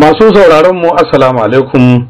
Masu sauraron mu Assalamu alaikum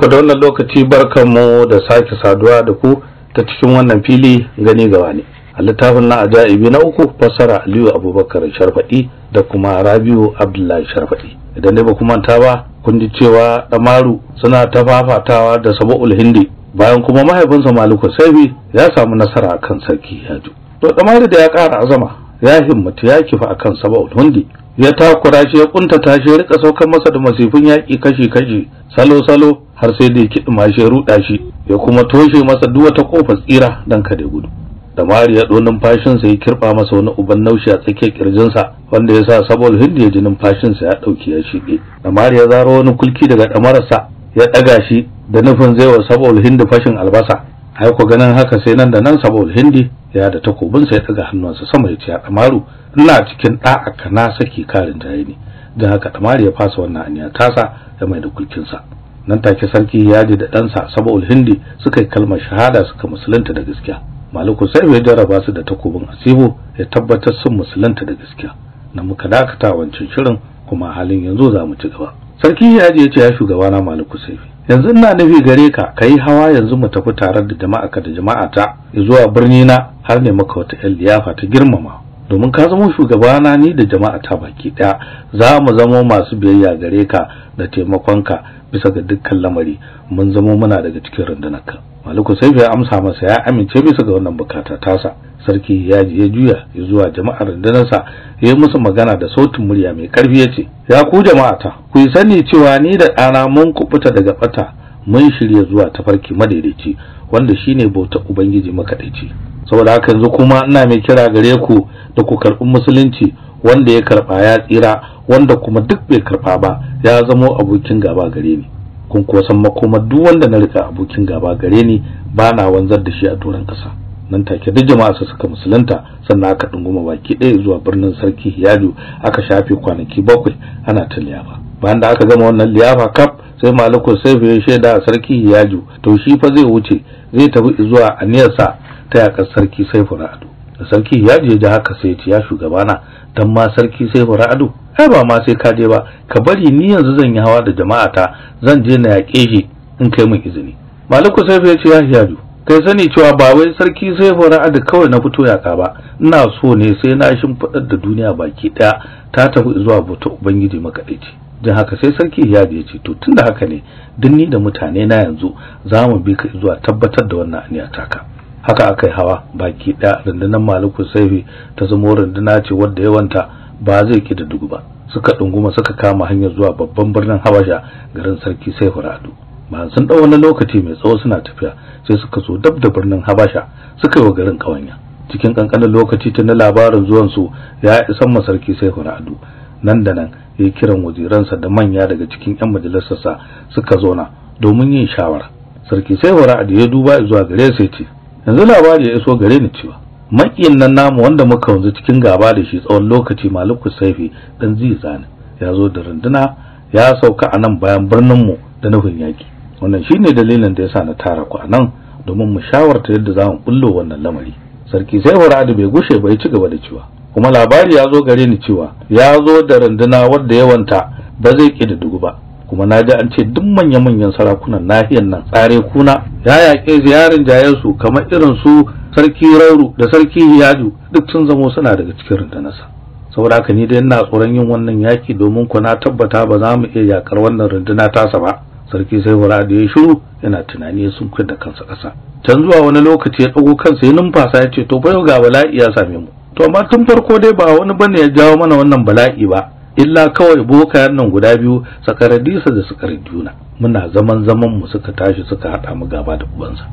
ku da wannan lokaci mu da sake saduwa da ku ta cikin wannan fili gani gawa ne. A littafin na ajaibi na uku fassara Aliyu Abubakar Sharfaɗi da kuma Rabiu Abdullahi Sharfaɗi. Idan dai ba ku manta ba kun ji cewa Damaru suna ta fafatawa da Saba'ul Hindi bayan kuma mahaifinsa Maliku Saifi ya samu nasara kan sarki Yaju. To Damaru da ya ƙara azama ya himmatu ya kifa akan saba'ul hundi ya takura shi ya kuntata shi ya rika saukar masa da masifin yaƙi kashi-kashi salo-salo har sai da ya kiɗima shi ya ruɗa shi ya kuma toshe masa duk wata ƙofar tsira don kada gudu da mari ya ɗo numfashinsa ya kirɓa masa wani uban naushi a tsakiyar ƙirjinsa wanda ya sa sabon hindi ya ji numfashinsa ya ɗauki ya shiɗe da mari ya zaro wani kulki daga ɗamararsa ya ɗaga shi da nufin zai wa sabon hindi fashin albasa ai ku ganin haka sai nan da nan saboda hindi ya da takobin sai daga hannunsa sama ya ci a damaru ina cikin da'a kana saki karin jaye ne dan haka damari ya fasa wannan aniya tasa ya mai da kulkin sa nan take sarki ya ji da ɗansa saboda hindi suka yi kalmar shahada suka musulunta da gaskiya maliku sai ya jarraba su da takobin asibu ya tabbatar sun musulunta da gaskiya na muka dakata wancan shirin kuma halin yanzu za mu ci gaba sarki ya yace ya ce ya shugabana maliku sai yanzu ina nufi gare ka ka yi hawa yanzu mu tafi tare da jama'a ka da jama'a ta zuwa birni na har ne maka wata yan liyafa ta girmama domin ka zama shugabana ni da jama'a ta baki ɗaya, za mu zama masu biyayya gare ka da taimakon ka bisa ga dukkan lamari mun zama muna daga cikin rundunar ka. Maliku sai ya amsa masa ya amince bisa ga wannan bukata tasa sarki ya ya juya zuwa jama'ar rundunarsa ya yi musu magana da sautin murya mai karfi ya ce ya ku jama'ata ku yi sani cewa ni da ɗana mun kubuta daga bata mun shirya zuwa tafarki madaidaici wanda shine bauta ubangiji makaɗaici saboda haka yanzu kuma ina mai kira gare ku da ku karɓi musulunci wanda ya karɓa ya tsira wanda kuma duk bai karɓa ba ya zamo abokin gaba gare ni kun kuwa san makoma duk wanda na rika abokin gaba gare ni ba na wanzar da shi a turan kasa. nan take duk jama'a su suka musulunta sannan aka dunguma baki ɗaya zuwa birnin sarki Hiyadu aka shafe kwanaki bakwai ana ta liyafa bayan da aka gama wannan liyafa kaf sai malikul sai ya shaida a sarki Hiyadu to shi fa zai wuce zai tafi zuwa aniyarsa ta yakar sarki Saifu Ra'adu da sarki ya je da haka sai ce ya shugabana dan ma sarki sai fara ado ai ba ma sai ka je ba ka bari ni yanzu zan yi hawa da jama'a ta, zan je na yaƙe shi in kai min izini maliku sai ya ce ya shaju kai sani cewa ba wai sarki sai fara ado kawai na fito yaka ba ina so ne sai na shimfiɗar da duniya baki ɗaya ta tafi zuwa bauta ubangiji makaɗaici don haka sai sarki ya je ce to da haka ne duk ni da mutane na yanzu za mu bi ka zuwa tabbatar da wannan aniyar taka haka aka yi hawa baki ɗaya rundunar maluku saifi ta zama runduna ce wadda yawanta ba zai ki da dugu ba suka ɗunguma suka kama hanyar zuwa babban birnin habasha garin sarki sai radu bayan sun ɗau wani lokaci mai tsawo suna tafiya sai suka zo dab da birnin habasha suka yi wa garin ƙawanya cikin ƙanƙanin lokaci ta na labarin zuwan su ya isan masarki sai radu nan da nan ya kiran wajiransa da manya daga cikin 'yan majalisarsa suka zauna domin yin shawara sarki sai radu ya duba zuwa gare sai ce yanzu labari ya iso gare ni cewa makiyin nan namu wanda muka wanzu cikin gaba da shi tsawon lokaci maliku saifi dan zizani ya zo da runduna ya sauka a nan bayan birnin mu da nufin yaki wannan shine dalilin da ya sa na tara ku a nan domin mu shawarta yadda za mu bullo wannan lamari sarki sai waradu bai gushe bai ci gaba da cewa kuma labari ya zo gare ni cewa ya zo da runduna wadda yawanta ba zai ƙi da dugu ba kuma na ji an ce duk manya-manyan sarakunan nahiyar nan tsare kuna ya yaƙi ziyarin jayensu kamar irin su sarki rauru da sarki hiyadu duk sun zamo suna daga cikin rundunarsa saboda haka ni dai ina tsoron yin wannan yaki domin ku na tabbata ba za mu iya yakar wannan runduna tasa ba sarki sai da ya shiru yana tunani sun kai da kansa ƙasa can zuwa wani lokaci ya ɗago kansa ya numfasa ya ce to bai ga bala'i ya same mu to amma tun farko dai ba wani bane ya jawo mana wannan bala'i ba illa kawai bokayen nan guda biyu sakaradisa da sakaraduna muna zaman zaman mu suka tashi suka hada mu gaba da ubansa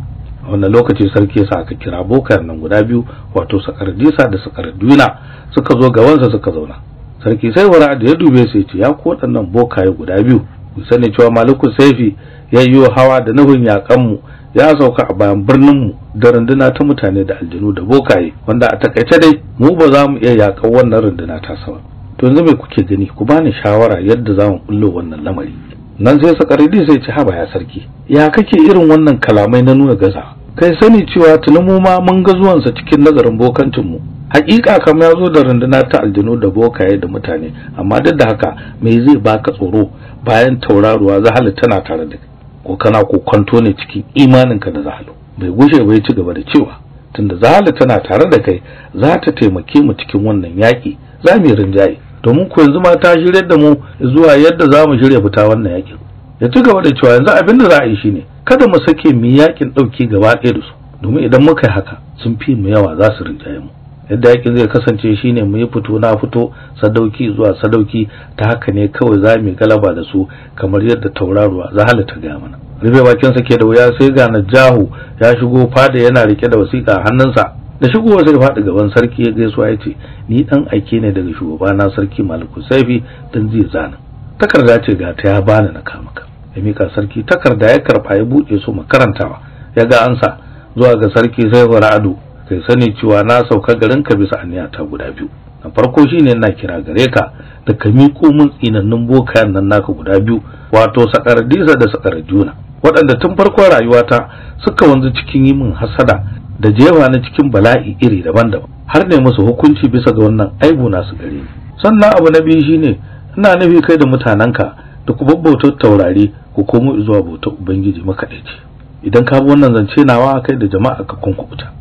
a wannan lokaci sarki sa aka kira bokayen nan guda biyu wato sakaradisa da sakaraduna suka zo ga wansa suka zauna sarki sai wara da ya dube sai ce ya ko waɗannan bokaye guda biyu ku sani cewa maliku saifi ya yi hawa da nufin yakan mu ya sauka a bayan birnin mu da runduna ta mutane da aljinu da bokaye wanda a takaice dai mu ba za mu iya yakan wannan runduna ta sa to yanzu mai kuke gani ku bani shawara yadda za mu kullo wannan lamari nan sai sakaridi sai ci haba ya sarki ya kake irin wannan kalamai na nuna gaza kai sani cewa tuni ma mun ga zuwansa cikin nazarin bokancin mu hakika kam ya zo da runduna ta aljinu da bokaye da mutane amma duk da haka me zai baka tsoro bayan tauraruwa zahalu tana tare da ko kana kokonto ne cikin imaninka da zahalu bai gushe bai ci gaba da cewa tunda zahalu tana tare da kai za ta taimake mu cikin wannan yaƙi, za mu yi rinjaye domin ku yanzu ma ta shirya da mu zuwa yadda za mu shirya fita wannan yakin ya ci gaba da cewa yanzu abin da za a yi shine kada mu sake mu yakin ɗauki gaba ɗaya da su domin idan muka yi haka sun fi mu yawa za su rinjaye mu yadda yakin zai kasance shine mu yi fito na fito sadauki zuwa sadauki ta haka ne kawai za mu galaba da su kamar yadda tauraruwa za ta gaya mana rufe bakin sa ke da wuya sai ga najahu ya shigo fada yana rike da wasiƙa hannunsa da shigowar zai faɗi gaban sarki ya gaisuwa ya ce ni dan aike ne daga shugabana sarki maliku saifi dan zai zana takarda ce ga ta ya bani na kama ka ya mika sarki takarda ya karfa ya buɗe su makarantawa ya ga ansa zuwa ga sarki sai ado kai sani cewa na sauka garin ka bisa aniya ta guda biyu na farko shine ina kira gare ka da ka miƙo mun tsinannun bokayen nan naka guda biyu wato Disa da Juna. waɗanda tun farkon rayuwata suka wanzu cikin yi min hasada da jewa na cikin bala'i iri daban-daban har ne musu hukunci bisa ga wannan aibu nasu gare ni sannan abu na biyu shine ina nufi kai da mutanenka da ku babbauta taurari ku komo zuwa bautar ubangiji makaɗaici idan ka bi wannan zance nawa kai da jama'a ka kunkuta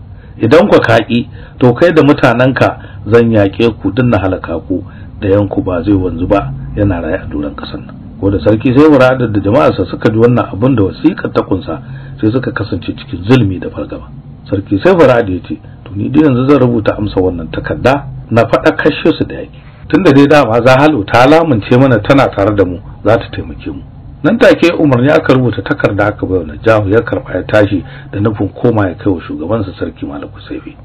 idan ku kaƙi to kai da mutanenka zan yaƙe ku dinna na halaka ku da yanku ba zai wanzu ba yana raye a duran ƙasar nan ko da sarki sai muradar da jama'arsa suka ji wannan abin da wasiƙar ta kunsa sai suka kasance cikin zulmi da fargaba sarki sai faradi ya ce to ni dai yanzu zan rubuta amsa wannan takarda na faɗa kashe su da yaƙi tunda dai dama za zahalu ta lamunce mana tana tare da mu za ta taimake mu nan take umarni aka rubuta takarda aka bayar na Jahu ya karba ya tashi da nufin koma ya kai wa shugabansa sarki Malik saifi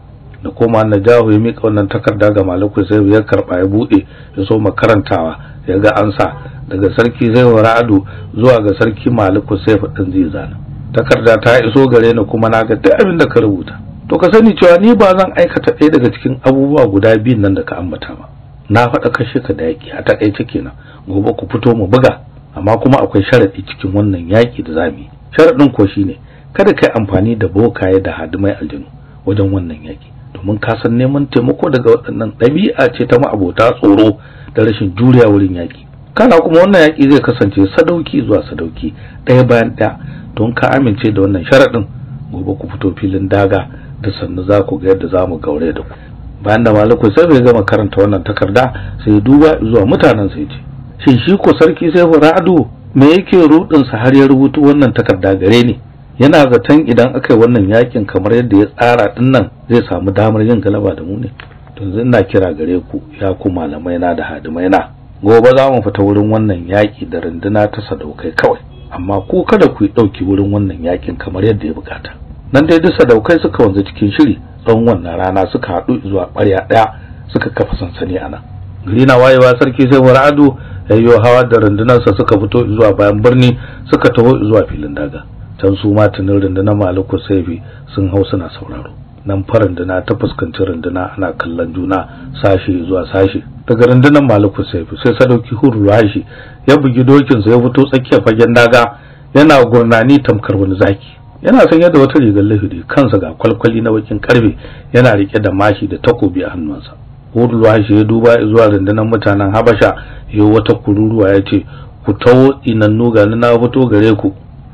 da koma Najahu ya mika wannan takarda ga Malik saifi ya karba ya bude ya so makarantawa ya ga ansa daga sarki Zaiwa Ra'adu zuwa ga sarki Malik Kusaibi din zai zana takarda ta iso gare ni kuma na ga duk abin da ka rubuta to ka sani cewa ni ba zan aikata ɗaya daga cikin abubuwa guda biyun nan da ka ambata ba na faɗa kashe ka da yaƙi a takaice kenan gobe ku fito mu buga amma kuma akwai sharaɗi cikin wannan yaƙi da zamu yi sharaɗin ko ne? kada kai amfani da bokaye da hadimai aljanu wajen wannan yaƙi domin ka san neman taimako daga waɗannan ɗabi'a ce ta ma'abota tsoro da rashin juriya wurin yaƙi kana kuma wannan yaƙi zai kasance sadauki zuwa sadauki ɗaya bayan ɗaya don ka amince da wannan sharaɗin gobe ku fito filin daga da sannu za ku ga yadda za mu gaure da ku bayan da maliku sai bai gama karanta wannan takarda sai duba zuwa mutanen sai ce shin shi ko sarki sai ra'adu me yake rudin sa har ya rubutu wannan takarda gare ni yana zaton idan aka yi wannan yakin kamar yadda ya tsara din nan zai samu damar yin galaba da mu ne to yanzu ina kira gare ku ya ku malamai na da hadimai na gobe za mu fita wurin wannan yaki da runduna ta sadaukai kawai amma ko kada ku dauki wurin wannan yakin kamar yadda ya bukata nan dai duk sadaukai suka wanzu cikin shiri tsawon wannan rana suka haɗu zuwa ɓarya ɗaya suka kafa sansani a nan gari na wayewa sarki sai wara'adu yayyo hawa da rundunarsa suka fito zuwa bayan birni suka taho zuwa filin daga can su ma tunin rundunar maliku saifi sun hau suna sauraro nan faranduna ta fuskanci runduna ana kallon juna sashe zuwa sashe daga rundunar maliku saifu sai sadauki huru rashi ya bugi dokin dokinsa ya fito tsakiyar fagen daga yana gurnani tamkar wani zaki yana sanye da wata rigar lahidi kansa ga kwalkwali na bakin karfe yana rike da mashi da takobi a hannunsa huru rashi ya duba zuwa rundunar mutanen habasha ya wata kururuwa ya ce ku tawo inannu ga na fito gare ku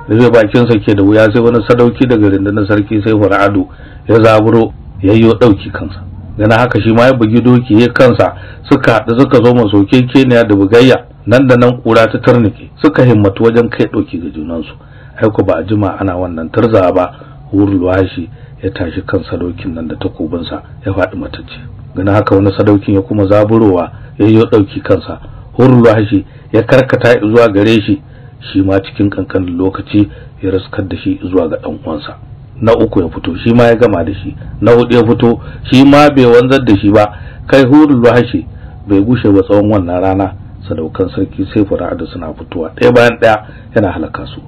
da zai bakinsa ke da wuya sai wani sadauki daga Rindunar sarki sai fara'adu ya zaburo yayyo ɗauki kansa gana haka shi ma ya bugi doki ya kansa suka haɗu suka zo maso kekeniya da bugayya nan da nan ƙura ta tarnike suka himmatu wajen kai ɗauki ga junansu aiko ba a jima ana wannan tarza ba wurluwashi ya tashi kan sadaukin nan da takobinsa ya faɗi matacce gana haka wani sadaukin ya kuma zaburowa yayyo ɗauki kansa hurluwashi ya karkata zuwa gare shi shi ma cikin kankanin lokaci ya raskar da shi zuwa ga dan uwansa na uku ya fito shi ma ya gama da shi na hudu ya fito shi ma bai wanzar da shi ba kai hurul wahashi bai gushe ba tsawon wannan rana sadaukan sarki sai fara'ada suna fitowa ɗaya bayan ɗaya yana halaka su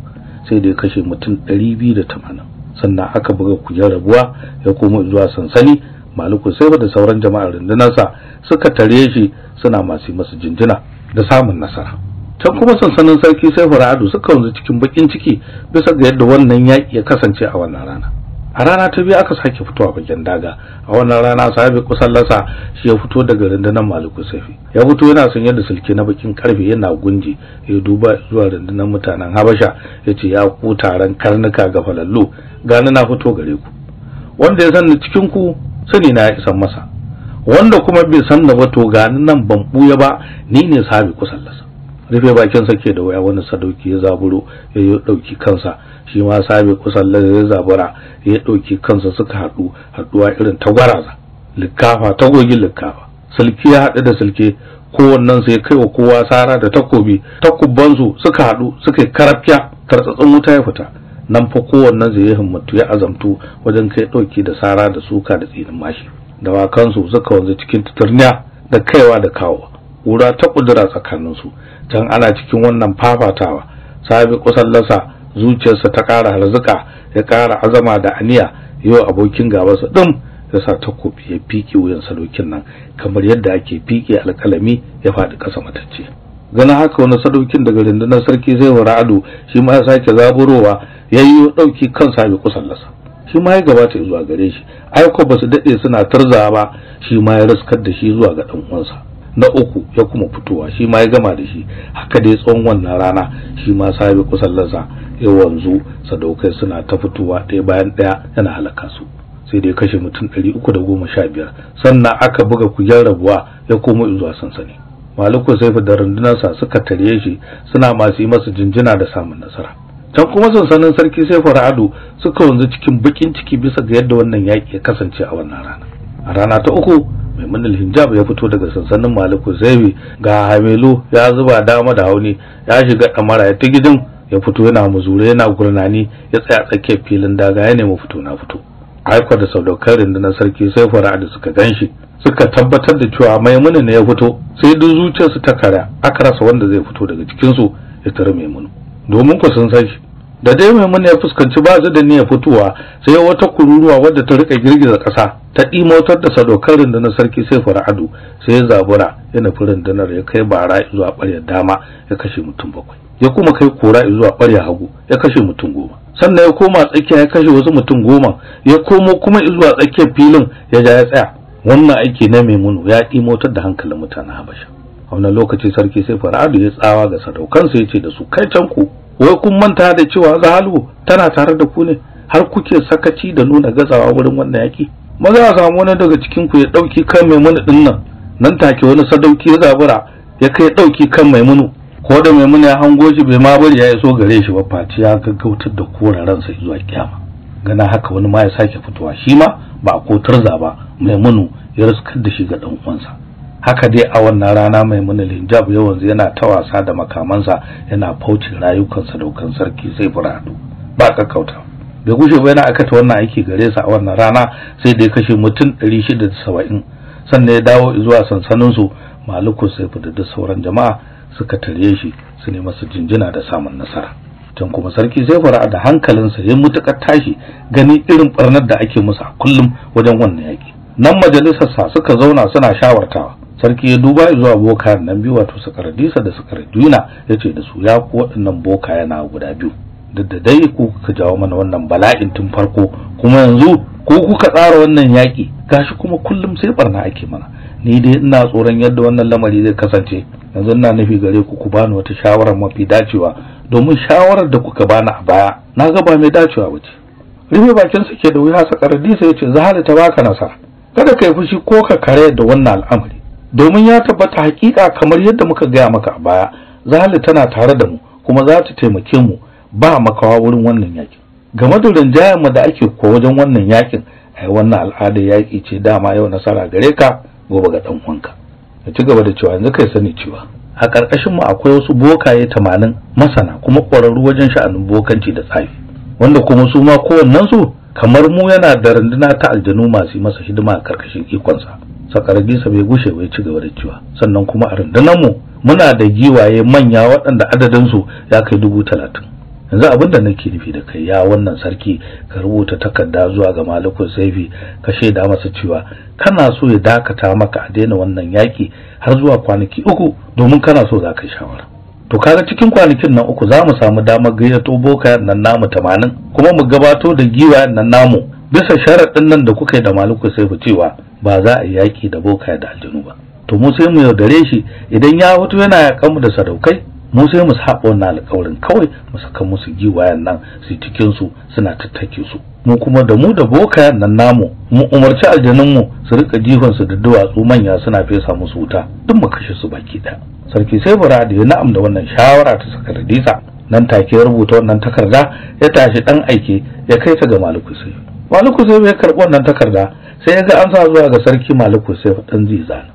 sai da ya kashe mutum ɗari biyu da tamanin, sannan aka buga kujen rabuwa ya koma zuwa sansani maliku sai da sauran jama'ar rundunarsa suka tare shi suna masu masu jinjina da samun nasara can kuma sansanin sarki sai fara'adu suka wanzu cikin bakin ciki bisa ga yadda wannan yaƙi ya kasance a wannan rana a rana ta biyu aka sake fitowa bakin daga a wannan rana sahabi kusan lasa shi ya fito daga rundunar maliku safi ya fito yana sanye da sulke na bakin karfe yana gunji ya duba zuwa rundunar mutanen habasha ya ce ya ku taron karnuka ga falallu gani na fito gare ku wanda ya sanni cikin ku sani na ya isa masa wanda kuma bai sanna ba to gani nan ban buya ba ni ne sahabi kusan lasa rufe bakin sake da waya wani sadauki ya zaburo ya yi dauki kansa shi ma sabe kusan ya zabura ya ɗauki kansa suka haɗu haɗuwa irin ta gwaraza ta gogin likkafa silki ya haɗu da sulke kowannen sai kai wa kowa sara da takobi takubansu suka haɗu suka yi karafya tartsatsin wuta ya fita nan fa kowannen sai ya himmatu ya azamtu wajen kai ɗauki da sara da suka da tsinin mashi dawakansu suka wanzu cikin tuturniya da kaiwa da kawo ƙura ta ƙudura tsakaninsu can ana cikin wannan fafatawa sabi kusan zuciyarsa ta ƙara harzuka ya ƙara azama da aniya yau abokin gabansa ɗin ya sa takobi ya fiƙe wuyan sadaukin nan kamar yadda ake fiƙe alƙalami ya faɗi ƙasa matacce ganin haka wani sadaukin daga rindunar sarki zai wa ra'adu shi ma ya sake zaburowa ya yi ɗauki kan sabi kusan lasa shi ma ya gabata zuwa gare shi aiko ba su daɗe suna tarzawa ba shi ma ya riskar da shi zuwa ga ɗan uwansa na uku ya kuma fitowa shi ma ya gama da shi haka dai tsawon wannan rana shi ma sahibi kusan laza ya wanzu sadaukai suna ta fitowa ɗaya bayan ɗaya yana halaka su sai dai kashe mutum ɗari uku da goma sha biyar sannan aka buga kujen rabuwa ya komo zuwa sansani malikun saifu da sa suka tare shi suna masu yi masa jinjina da samun nasara can kuma sansanin sarki saifu ra'adu suka wanzu cikin bakin ciki bisa ga yadda wannan yaƙi ya kasance a wannan rana a rana ta uku maimunan hijab ya fito daga sansanin maliku zaiwi ga hamilu ya zuba dama da hauni ya shiga ɗamara ya ta gidan ya fito yana muzure yana gurnani ya tsaya tsakiyar filin daga ya nemi fito na fito aiko da saudaukar rundunar sarki sai fara'a da suka ganshi suka tabbatar da cewa maimuna ne ya fito sai duk zuciyarsu ta kara aka rasa wanda zai fito daga cikinsu ya tara maimunu domin ku sun san da dai maimuna ya fuskanci ba da ya fitowa sai wata kururuwa wadda ta rika girgiza ƙasa ta ɗimotar da sadaukar rundunar sarki sai fara'adu sai ya zabura ya nufi rundunar ya kai bara zuwa ɓarya dama ya kashe mutum bakwai ya kuma kai kora zuwa ɓarya hagu ya kashe mutum goma sannan ya koma tsakiya ya kashe wasu mutum goma ya komo kuma zuwa tsakiyar filin ya ja ya tsaya wannan aiki na maimunu ya ɗimotar da hankalin mutanen habasha a wannan lokaci sarki sai fara'adu ya tsawa ga sadaukansa ya ce da su kai can ku wai kun manta da cewa zahalu tana tare da ku ne har kuke sakaci da nuna gazawa wurin wannan yaki maza a samu wani daga cikin ku ya ɗauki kan maimunu ɗin nan nan take wani sadauki ya zabura ya kai ɗauki kan maimunu ko da maimunu ya hango shi bai ma bari ya iso gare shi ba face ya gaggautar da koren ransa zuwa kiyama gana haka wani ma ya sake fitowa shi ma ba ko tarza ba maimunu ya raskar da shi ga ɗan uwansa haka dai a wannan rana maimunu, linjab yawanzu yana ta wasa da makamansa yana faucin rayukansa daukan sarki zai furado ba kakkautawa bai gushe ba yana aikata wannan aiki gare sa a wannan rana sai da ya kashe mutum 670 sannan ya dawo zuwa sansaninsu sai fita da sauran jama'a suka tare shi su ne masa jinjina da samun nasara tun kuma sarki sai fara da hankalinsa ya mutuƙar tashi gani irin barnar da ake musu a kullum wajen wannan yaki nan sa suka zauna suna shawartawa sarki ya duba zuwa boka nan biyu wato sakaradisa da sakaraduna ya ce da su ya ku waɗannan boka yana guda biyu duk da dai ku kuka jawo mana wannan bala'in tun farko kuma yanzu ko kuka tsara wannan yaƙi gashi kuma kullum sai barna ake mana ni dai ina tsoron yadda wannan lamari zai kasance yanzu ina nufi gare ku ku bani wata shawara mafi dacewa domin shawarar da kuka bani a baya na ga ba mai dacewa ba rufe bakin sa ke da wuya sa disa ya ce zahara ta baka nasara kada ka yi fushi ko ka kare da wannan al'amari domin ya tabbata hakika kamar yadda muka gaya maka a baya zahara tana tare da mu kuma za ta taimake mu ba makawa wurin wannan yakin game da rinjayar mu da ake ko wajen wannan yakin ai wannan al'adar yaki ce dama yau nasara gare ka gobe ga dan uwanka Ka ci gaba da cewa yanzu kai sani cewa a karkashin mu akwai wasu bokaye 80 masana kuma ƙwararru wajen sha'anin bokanci da tsafi wanda kuma su ma kowannen su kamar mu yana da runduna ta aljanu masu masa hidima a ƙarƙashin ikonsa sa bai gushe bai ci gaba da cewa sannan kuma a rundunar mu muna da giwaye manya waɗanda adadin su ya kai dubu talatin yanzu abin da nake nufi da kai ya wannan sarki ka rubuta takarda zuwa ga malikul saifi ka shaida masa cewa kana so ya dakata maka a daina wannan yaki har zuwa kwanaki uku domin kana so za ka shawara to kaga cikin kwanakin nan uku za mu samu damar gayyato boka nan namu tamanin kuma mu gabato da giwa nan namu bisa sharaɗin nan da kuka yi da malikul saifi cewa ba za a yi yaki da boka da aljanu ba to mu sai mu yaudare shi idan ya hutu yana yakan mu da sadaukai mu sai mu saba wannan alƙawarin kawai mu saka musu giwayen nan su cikin su suna tattake su mu kuma da mu da boka nan namu mu umarci aljanun mu su rika jihon su da duwatsu manya suna fesa musu wuta duk mu kashe su baki da sarki sai burade ya na'am da wannan shawara ta saka radisa nan take ya rubuta wannan takarda ya tashi dan aike ya kai ta ga maliku sai maliku sai ya karbi wannan takarda sai ya ga an sa zuwa ga sarki maliku sai dan zana.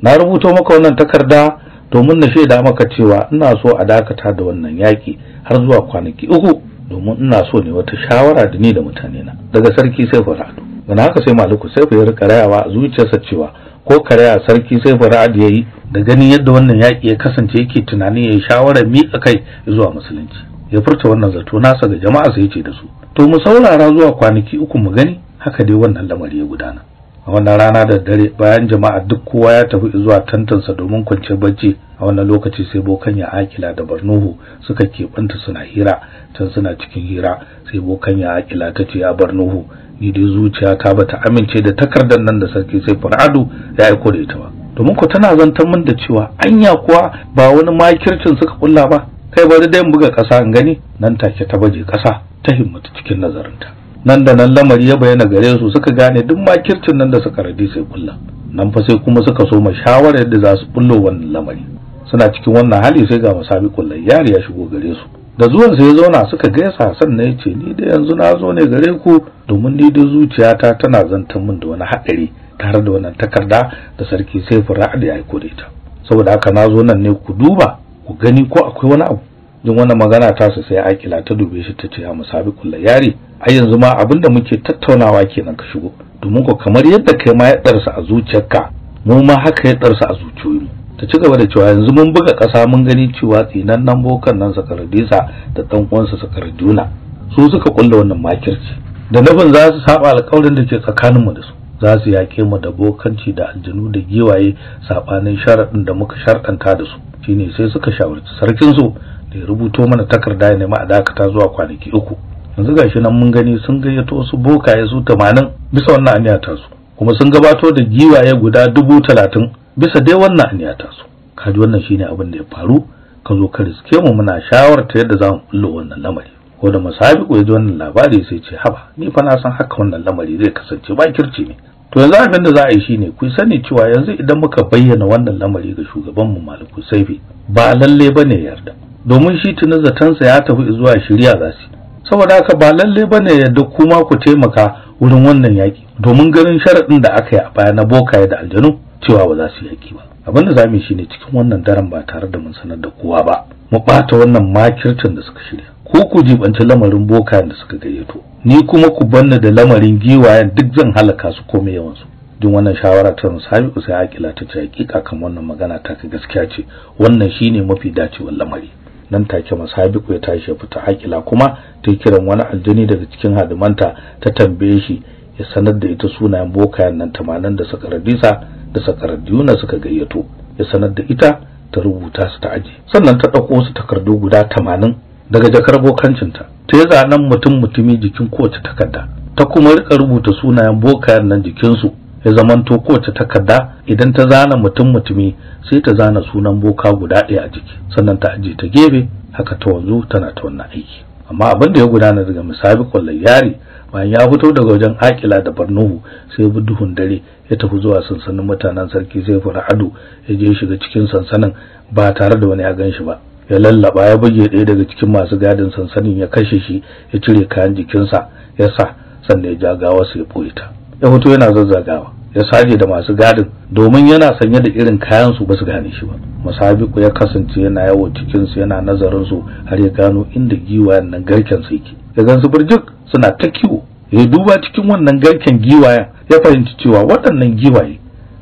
na rubuto maka wannan takarda domin na shaida maka cewa ina so a dakata da wannan yaki har zuwa kwanaki uku domin ina so ne wata shawara da ni da mutane na daga sarki sai faradu dan haka sai maluku sai ya rikarayawa zuciyarsa cewa ko karaya sarki sai faradu yayi da ganin yadda wannan yaki ya kasance yake tunanin yayi shawarar miƙa kai zuwa musulunci ya furta wannan zato nasa ga jama'a sai ce da su to mu saurara zuwa kwanaki uku mu gani haka dai wannan lamari ya gudana a wannan rana da dare bayan jama'a duk kowa ya tafi zuwa tantansa domin kwanciyar bacci a wannan lokaci sai bokan ya akila da barnuhu suka keɓanta suna hira can suna cikin hira sai bokan ya akila ta ce ya barnuhu ni dai zuciya ta bata amince da takardar nan da sarki sai faradu ya aiko da ita ba domin ko tana zantar min da cewa anya kuwa ba wani makircin suka kulla ba kai bari dai buga ƙasa in gani nan take ta baje kasa ta himmatu cikin nazarinta nan da nan lamari ya bayyana gare su suka gane duk makircin nan da suka radi sai kulla nan fa sai kuma suka so shawarar yadda za su bullo wannan lamari suna cikin wannan hali sai ga musabi kullai yari ya shigo gare su da zuwan sai ya zauna suka gaisa sannan ya ce ni da yanzu na zo ne gare ku domin ni da zuciyata tana zantar min da wani haɗari tare da wannan takarda da sarki sai fura da ya yi saboda haka na zo nan ne ku duba ku gani ko akwai wani abu jin wannan magana ta su sai akila ta dube shi ta ce ya musabiqul yari ai yanzu ma abinda muke tattaunawa kenan ka shigo domin ko kamar yadda kai ma ya darsa a zuciyarka mu ma haka ya darsa a zuciyoyinmu ta ci gaba da cewa yanzu mun buga ƙasa mun gani cewa nan bokan nan sakaradisa da dan uwansa sakaraduna su suka kulla wannan makirci da nufin za su saba alƙawarin da ke tsakaninmu da su za su yaƙe mu da bokanci da aljanu da giwaye sabanin sharaɗin da muka sharkanta da su shine sai suka shawarci sarkin su ya rubuto mana takarda ya nemi a dakata zuwa kwanaki uku yanzu gashi nan mun gani sun gayyato wasu bokaye su tamanin bisa wannan aniya kuma sun gabato da giwaye guda dubu talatin bisa dai wannan aniya ta su kaji wannan shine abin da ya faru ka zo ka riske mu muna shawarta yadda za mu bullo wannan lamari ko da masabiku ya ji wannan labari sai ce haba ni fa na san haka wannan lamari zai kasance ba kirci ne to yanzu abin da za a yi shine ku sani cewa yanzu idan muka bayyana wannan lamari ga shugaban mu Malik Saifi ba lalle bane yarda domin shi tuni zatansa ya tafi zuwa shirya zasu saboda haka ba lalle bane yadda kuma ku taimaka wurin wannan yaki domin ganin sharaɗin da aka yi a baya na bokaye da aljanu cewa ba za su yaki ba abinda za mu yi shine cikin wannan daren ba tare da mun sanar da kowa ba mu ɓata wannan makircin da suka shirya ko ku jibanci lamarin bokayen da suka gayyato ni kuma ku banna da lamarin giwayen duk zan halaka su komai yawansu din wannan shawara ta Musabi Usai Akila ta ce hakika kan wannan magana ta ka gaskiya ce wannan shine mafi dacewar lamari nan take masabiku ya tashi ya fita hakila kuma ta kiran wani aljini daga cikin hadimanta ta tambaye shi ya sanar da ita sunayen bokayen nan tamanin da radisa da radiyuna suka gayyato ya sanar da ita ta rubuta su ta aji sannan ta ɗauko wasu takardu guda tamanin daga jakar bokancinta ta yi zanen mutum mutumi jikin kowace takarda ta kuma rika rubuta sunayen bokayen nan jikinsu ya zamanto kowace takarda idan ta zana mutum mutumi sai ta zana sunan boka guda ɗaya a jiki sannan ta ajiye ta gefe haka ta wanzu tana ta wannan aiki amma abin da ya gudana daga misabi kwallayyari bayan ya fito daga wajen akila da barnuhu sai bi duhun dare ya tafi zuwa sansanin mutanen sarki zai fara ado ya je shiga cikin sansanin ba tare da wani ya gan shi ba ya lallaba ya buge ɗaya daga cikin masu gadin sansanin ya kashe shi ya cire kayan jikinsa ya sa sannan ya ja gawa su ya ɓoye ta ya fito yana zazzagawa ya saje da masu gadin domin yana sanye da irin kayan su ba su gane shi ba musabiku ya kasance yana yawo cikin su yana nazarin su har ya gano inda giwayen nan garken su yake ya gansu burjuk suna ta kiwo ya duba cikin wannan garken giwayen ya fahimci cewa waɗannan giwaye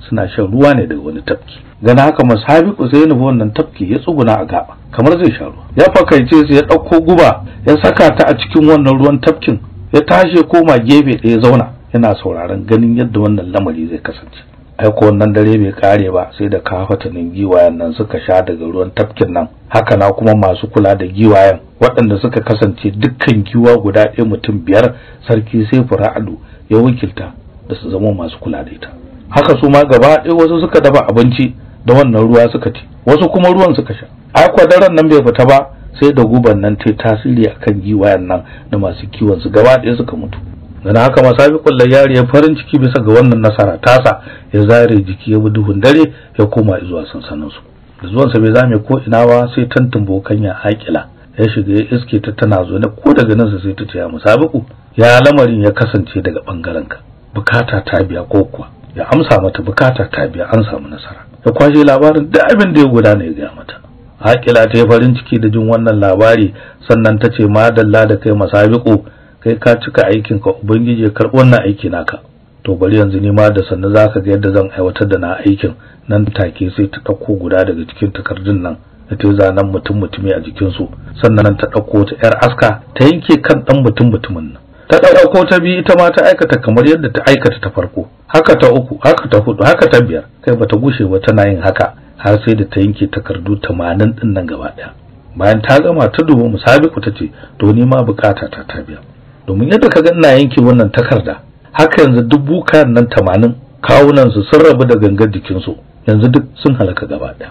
suna shan ruwa ne daga wani tafki gana haka musabiku sai ya nufi wannan tafki ya tsuguna a gaba kamar zai sha ruwa ya fakaice su ya ɗauko guba ya saka ta a cikin wannan ruwan tafkin ya tashi ya koma gefe ɗaya zauna yana sauraron ganin yadda wannan lamari zai kasance aiko wannan dare bai kare ba sai da kafatanin giwayen nan suka sha daga ruwan tafkin nan haka na kuma masu kula da giwayen waɗanda suka kasance dukkan giwa guda ɗaya mutum biyar sarki sai fura'adu ya wakilta da su zama masu kula da ita haka su ma gaba ɗaya wasu suka dafa abinci da wannan ruwa suka ci wasu kuma ruwan suka sha ai daren nan bai fita ba sai da guban nan ta tasiri akan giwayen nan da masu kiwon su gaba ɗaya suka mutu Dana haka masabiqul layari ya farin ciki bisa ga wannan nasara tasa ya zare jiki ya bi duhun dare ya koma zuwa sansanin su da zuwan sa bai zame ko ina ba sai tantin bokanya hakila ya shiga ya iske ta tana zo ne ko daga nan sai ta ce ya musabiqu ya lamarin ya kasance daga bangaren ka bukata ta biya ko kuwa ya amsa mata bukata ta biya an samu nasara ya kwashe labarin da abin da ya gudana ya ga mata Haƙila ta yi farin ciki da jin wannan labari sannan ta ce madalla da kai masabiqu kai ka cika aikin ka ubangiji ya karɓi wannan aiki naka to bari yanzu ni ma da sannu zaka ga yadda zan aiwatar da na aikin nan take sai ta ɗauko guda daga cikin takardun nan da ta zanen mutum mutumi a su sannan ta ɗauko ta ‘yar aska ta yanke kan ɗan mutum mutumin nan ta dauko ta biyu ita ma ta aikata kamar yadda ta aikata ta farko haka ta uku haka ta hudu haka ta biyar kai bata gushe ba tana yin haka har sai da ta yanke takardu tamanin din nan gaba ɗaya bayan ta gama ta dubo musabiku ta ce to ni ma bukata ta ta biya domin yadda ka ga ina yanke wannan takarda haka yanzu duk bukayen nan tamanin kawunan su sun rabu da gangar su, yanzu duk sun halaka gaba ɗaya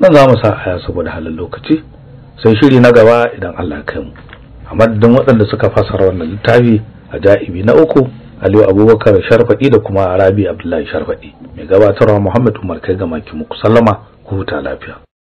nan za mu sa aya saboda halin lokaci sai shiri na gaba idan Allah ya kai mu a madadin waɗanda suka fasara wannan littafi a ja'ibi na uku Aliyu Abubakar Sharfaɗi da kuma Arabi Abdullahi Sharfaɗi mai gabatarwa Muhammad Umar kai ga maki muku sallama ku huta lafiya